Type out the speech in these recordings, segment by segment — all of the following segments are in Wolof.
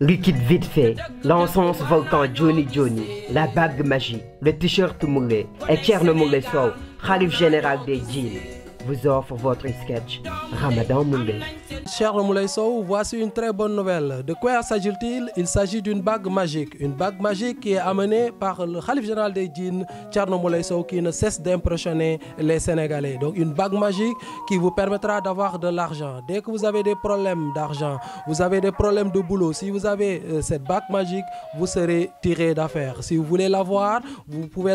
Liquide vite fait, l'encens volcan Johnny Johnny, la bague magique, le t-shirt moulé et Tcherno Moulé Sow, Khalif général des djinns, vous offre votre sketch Ramadan Moulé. Cher Moulay Sow, voici une très bonne nouvelle. De quoi s'agit-il? s'agit d'une bague magique, une bague magique qui est amenée par le khalife général des djinns, Thierno Moulay qui ne cesse d'impressionner les Sénégalais. Donc une bague magique qui vous permettra d'avoir de l'argent. Dès que vous avez des problèmes d'argent, vous avez des problèmes de boulot, si vous avez euh, cette bague magique, vous serez tiré d'affaire. Si vous voulez l'avoir, vous pouvez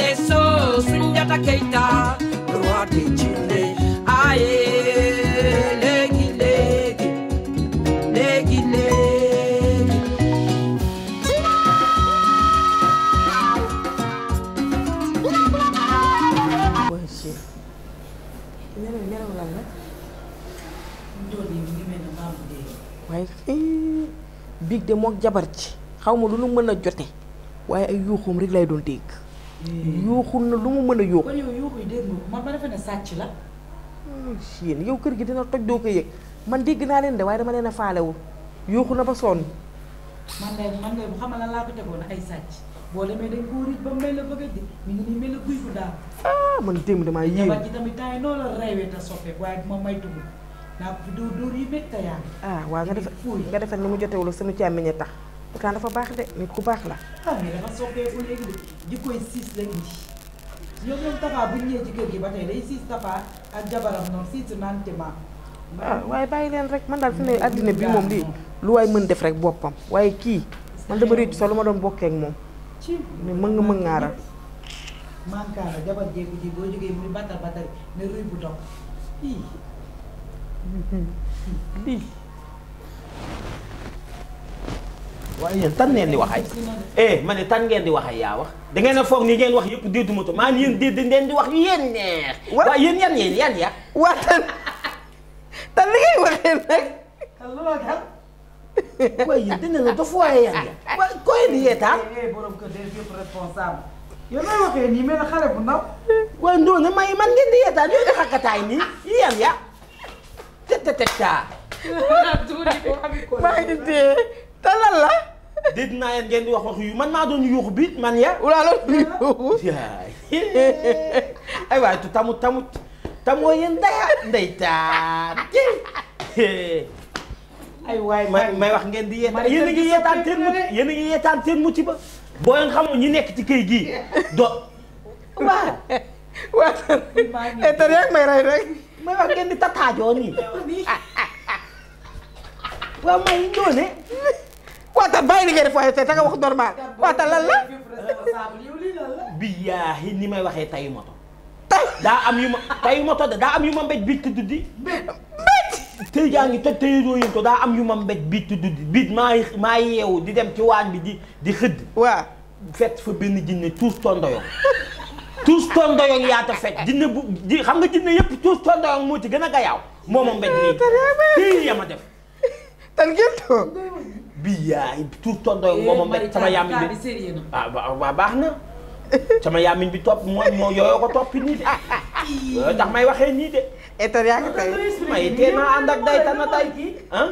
nelaw la. Eh. waaye eh, biig de mook jabar ci xaw ma lu nu mën a jote waaye ay yuuxum rek lay doon dégg. Eh. yuuxul na lu mu mën a yuuxu. kon yow yuuxu yi dégg nga man ma defe ne sàcc la. Hmm, yow kër gi dina toj doo ko yëg man dégg naa leen de waaye dama leen a faalewul yuuxu na ba sonn. man de man de bu xamal laa ko tegoon ay sàcc. boo demee day kuurit ba a di mi ngi nii mel la kuy bu daal. ah man démb damaa yéem jabar ji tamit temps yi noonu la waaye ma may dugg naa ah, a tax pourtant dafa baax de ku baax la. ah mais la indi ñoom ñoom ci kër gi ba tey day ak jabaram noonu siisu naan te ah, waaye bàyyi leen rek man daal fi ne addina bi moom lii lu waay mën def rek boppam waaye kii man dama réccu sax lu ma doon bokkee ak moom ci mën nga mën ngaaral mankaara jabar jéegu ji bu dog lii lii tan ngeen di wax ay eh ma ne tan ngeen di wax ay yaa wax da ngeen a foog ni ngeen wax yëpp déetuma to maan yéen déet ngeen di wax yéen neex waaw yéen yan yan ya waa tan tan li ngay waxee nag looloo waaye yéen dinañ la dof waaye yan la waaye koy ni yeetaan. borom kër nii mel xale bu ndaw. waaye Ndonga may man ngeen di yeetaan nii yan ya. te te te taa. maa ngi dee talal la. dégg naa yéen ngeen di wax wax yu man maa doon yuux bi man ya. wala loolu yuux. ay waay tu tamut tamut tamoo yéen daya ay waay may wax ngeen di yeetaan yéen a ngi yeetaan seen mucc yéen a ngi yeetaan seen mucc ba boo leen xamoon ñi nekk ci këy gii do waaw waaw te rek may rey rek may wax ngeen di tataajoo nii waaw may doone waata bàyyi li nga def waaye tey da nga wax normal waata lan la ni may waxee tayu moto daa am yu ma tayu moto da daa am yu ma mbéj bi tudd di sëy jaa ngi tëj tëjoo yéen ko daa am yu ma mbéj biit tudd biit maa maa yeewu di dem ci waañ bi di di xëdd. waaw fekk fa benn jinne tuus tondoyong tuus tondoyong yaa ta fekk jinne bu xam nga jinne yëpp tuus tondoyong moo ci gën a gayaaw moo ma mbéj nii tey ma def. tan ngeen toog. bii yaay tuus tondoyong moo ma eh, sama yàmm bi. ah baax na. sama yaamiñ bi topp mooy moo yooyoo ko toppi nii de yooyu tax may waxee nii de etor yaa ngi tey may tee naa ànd ak day tana day ah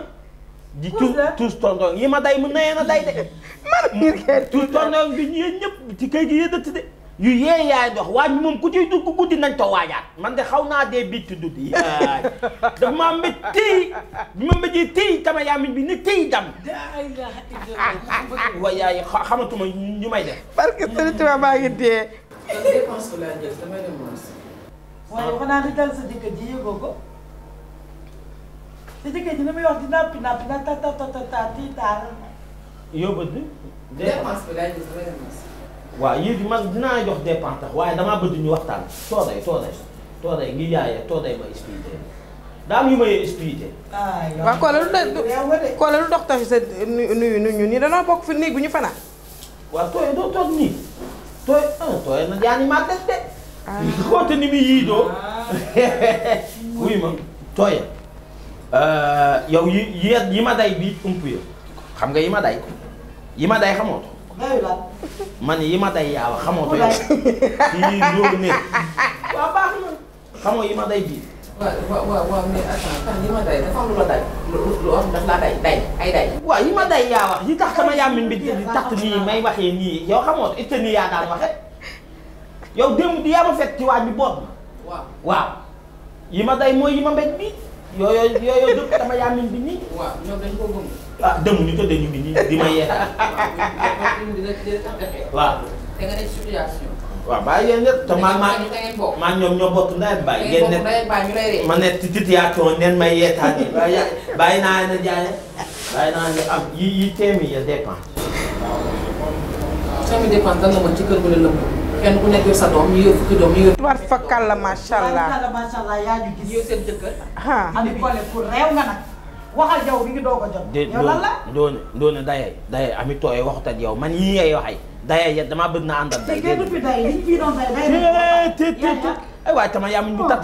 di tuus tuus yi ma day mën na yeen a day de tuus tonton bi ñu yeen ñëpp ci kër gi yëdëtt de yu yee yaay dox waaj moom ku ciy dugg guddi nañ ko waajaat man de xaw naa dee bitti duddi daf maa mbét bi ma mbéjee bi parce que sëriñ Tuubaa maa ngi dee ah. ji yëgoo ko sa jëkkër ji li muy wax di nappi nappi na ta ta ta ta tii taar yóbbu dépense bi waaw di man dinaa jox dépense tax waaye damaa bëgg ñu waxtaan tooday tooday tooday ngi yaayee tooday ma expliqué daa am yu may expliqué. waaw lu de Kole lu dox tax sa nuyu ñu nii danoo bokk fi néeg bu ñu fanaan. waaw tooy doo toog nii tooy ah tooy na yaa maa des de. Ah. xoote ni muy yii doo. Ah. wuy ma tooya. Euh, yow yi yi ma day bii ump ya xam nga yi ma day yi ma day xamoo dayu man yi ma day yaaw xamoo ko yow. fii loolu yi ma day ji. waaw waaw waaw mais attends yi ma day dafa am lu la day. lu lu am daf laa day day ay day. waaw yi ma day yaaw yi tax sama yàmmiñ bi di tax nii may waxee nii yow xamoo it nii yaa daan waxe yow démb yaa ma fekk ci waaj bi boobu. waaw yi ma day mooy yi ma mbéj bi. yooyu yooyu yooyu dëkk sama yàmmiñ bi nii. waaw ñoom dañ ko gëm. ah demuñu te dañu ngi nii di ma yeexal. waaw. da nga nekk situation. waaw bàyyi leen lépp te maa maa maa ñoom ñoo bokk nawet bàyyi. ngeen ne neen may yeetaan yi bàyyi naa leen a jaayee naa leen am yi yi téemi ya dépense. soo la lëmb allah tubaar waxal jaww bi ngi doog a jot. la doone doone dayay dayay ami tooy waxut ak yow man yii ngay wax ay dayay ya damaa bëgg naa ànd ak day. dégg nga day liñ fii doon day eh, eh,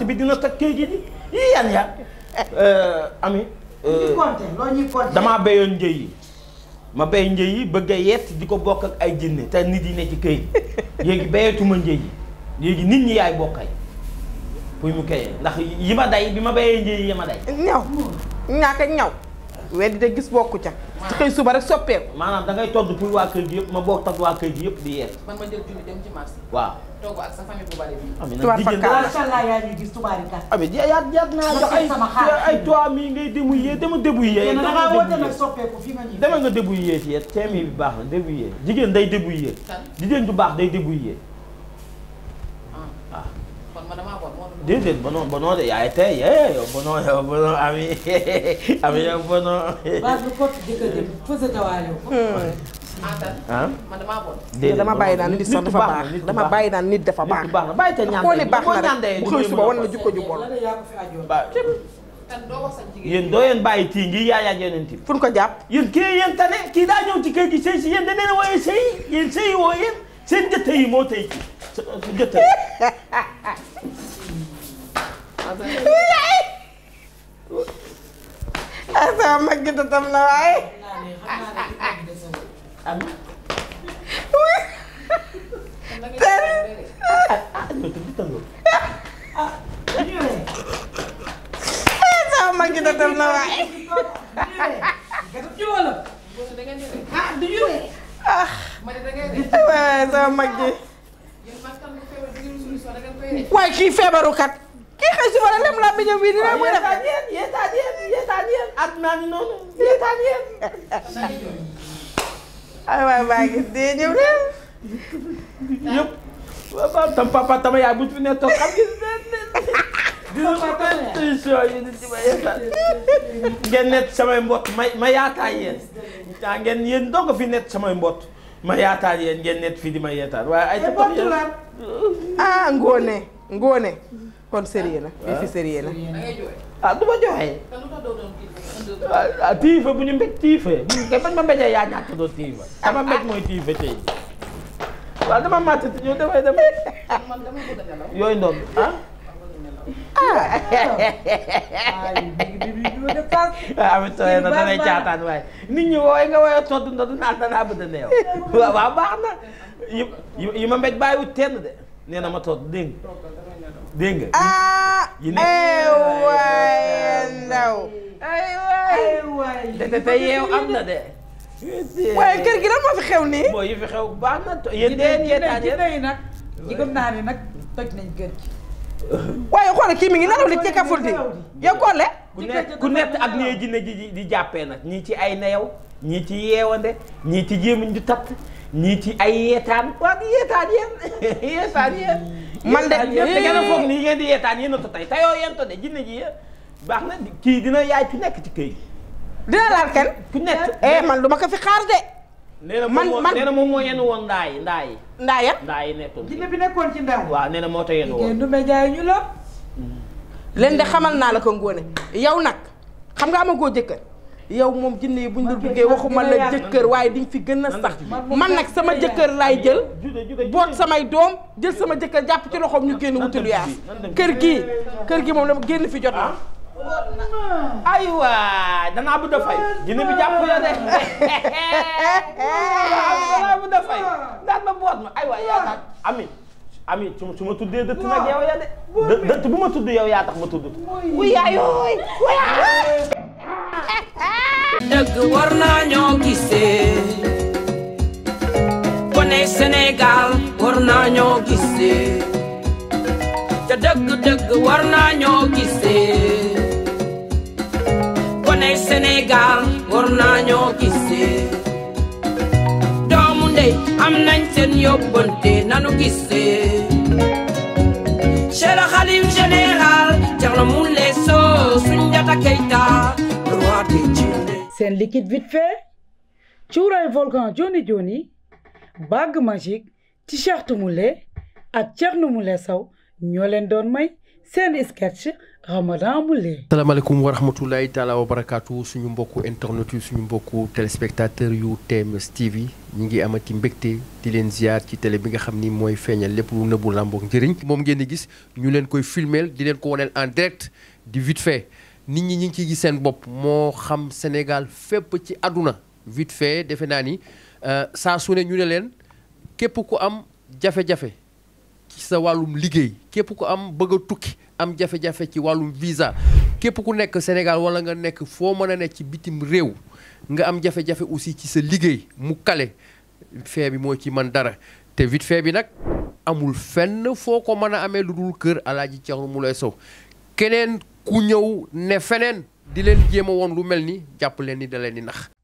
bi dina tag kii gi di yii yan ya eh, ami. damaa béyoon njëy yi ma béy njëy yi bëgg a yett di ko bokk ak ay jinne te nit yi ne ci këy léegi béyatuma njëy yi léegi nit ñi yaay bokkay pour mu këyee ndax yi ma day bi ma béyee njëy yi ma day. ñaaka ñaw weddi de gis bokk ca ci xëy suba rek soppeeku maanaam da ngay togg pour waa kër gi yëpp ma bokk tag waa kër gi yëpp di yeet man ma jël junni dem ci marché waaw togg ak sa famille bu bari bi tubaar ñu gis tubaar yi kat abi yaat yaat naa jox ay ay toit mi ngay débouillé dama débouillé da nga woote nag soppeeku fi ma ñi dama nga débouillé fii teemi bi baax na débouillé jigéen day débouillé jigéen bu baax day débouillé déedéet bono bono de yaay tey yee eh, yow bono yow bono ami ami yow bono. base bu kott jëkkër jëm fësal dawaale ah dama bàyyi naan nit sax dafa baax dama bàyyi naan te ñaan boo ne baax na rek bu xëy suba doo yéen bàyyi tii ngi yaa yaa yeneen tii. daa ñëw ci kër gi si yéen da leen wooyee sëy yéen sëy woo yéen seen jëtte yi moo tey ci sama mag gi tam la waaye. sama mag gi tam la waaye. ah waaye sama mag gi. waaye feebaru kat. neexee si wala lem laa biñam wi di rek muy defee yeetaan yéen yeetaan yéen àdduna ngi noonu yeetaan yéen ay waay maa ngi dee ñëw rek yëpp tam papa tama yaay bu fi ne toog xam gis ngeen net samay mbott ma ma yaataa yéen daa ngeen yéen doo nga fi net samay mbott ma yaataan yéen ngeen net fii di ma yeetaan waaye ay. te mbott la ah Ngone Ngone. kon sérieux na li fi sérieux na ah du ma joxee ah tiifa bu ñu mbéj tiifa te bañ ma mbéjee yaa ñàkk doon tiifa dama mbéj mooy tiifa tey waaw dama màtt ñëw damay dem yooyu ndoom ah amit tooy na danay caataan waaye nit ñi wooy nga wooye todd ndodd naan danaa bëgg a neew waaw baax na yi yi ma mbéj bàyyiwut tenn de nee na ma todd dégg dégg nga. Ah, yi nekk ay eh, waay ndaw ay eh, waay. te te yeew am na de. waaye kër gi lan moo fi xew nii. mooy yi fi xew baax na yéen yéen yéen a yéen nag. ji gëm naa ne nag toj nañ kër gi. waaye kii mi ngi nelaw li ci kaful di yow Kole. ku nekk ak ñooy jinne ji di jàppee nag ñii ci ay neew ñii ci yeewande ñii ci jéemuñ du tatt ñii ci ay yeetaan waaw yeetaan yéen yeetaan yéen. man de yéen da ngeen foog ni ngeen di yeetaan yéen tey teyoo yéen to de jinne ji baax na kii dina yaay ku nekk ci këy gi dina laal kenn ku nekk eh man du ko fi xaar de man man nee na moom moo yenu woon ndaa yi ndaay yi ndaa ya ndaa yi nekkoon jinne bi nekkoon ci ndaa waaw nee na moo tey yenu woon du ma jaay ñu la leen de xamal naa la ko ngóone yow nag xam nga amagoo jëkkër yow moom jinne yi buñ la duggee waxuma la jëkkër waaye diñ fi gën a sax man nag sama jëkkër laay jël boot samay doom jël sama jëkkër jàpp ci loxoom ñu génn wuti lu yaas kër gi kër gi moom dama génn fi jot na ah. aywa danaa bu dafay jinne bi jàpp la de danaa bu dafay daan ma boot ma aywa yaa ma tuddee dëtt nag yow bu ma tudd yow yaa tax ma tudd dëgg war naa ñoo gisee kone Sénégal war naa ñoo gisee ca dëgg dëgg war naa ñoo gisee kone Sénégal war naa ñoo gisee doomu ndey am nañ seen yóbbante nanu gisee Cheikh Khalif général Thierno Moule Sow Soundiata seen liquide vite fait cuuraay volcan joni joni bague magique ci Cheikh Toumoulé ak Thierno Moulé saw ñoo leen doon may seen sketch Ramadan Moulé. salaamaaleykum wa rahmatulahi taala wa barakaatu suñu mbokku internet yi suñu mbokku téléspectateur yu TMS TV ñu ngi am amati mbégte di leen ziar ci tele bi nga xam ni mooy feeñal lépp lu nëbbu làmboog njëriñ. moom ngeen di gis ñu leen koy filmeel di leen ko waneel en direct di vite nit ñi ñu ngi ciy gis seen bopp moo xam Sénégal fépp ci àdduna vite fait defe naa ni euh, saa su ne ñu ne leen képp ku am jafe-jafe ci sa wàllum liggéey képp ku am bëgg a tukki am jafe-jafe ci wàllum visa képp ku nekk Sénégal wala nga nekk foo mën a nekk ci bitim réew nga am jafe-jafe aussi ci sa liggéey mu kale fee bi moo ci man dara te vite fait bi nag amul fenn foo ko mën a amee lu dul kër Alaaji Thierno Moulay Sow keneen ku ñëw ne feneen di leen jéem a woon lu mel ni jàpp leen ni da leen di nax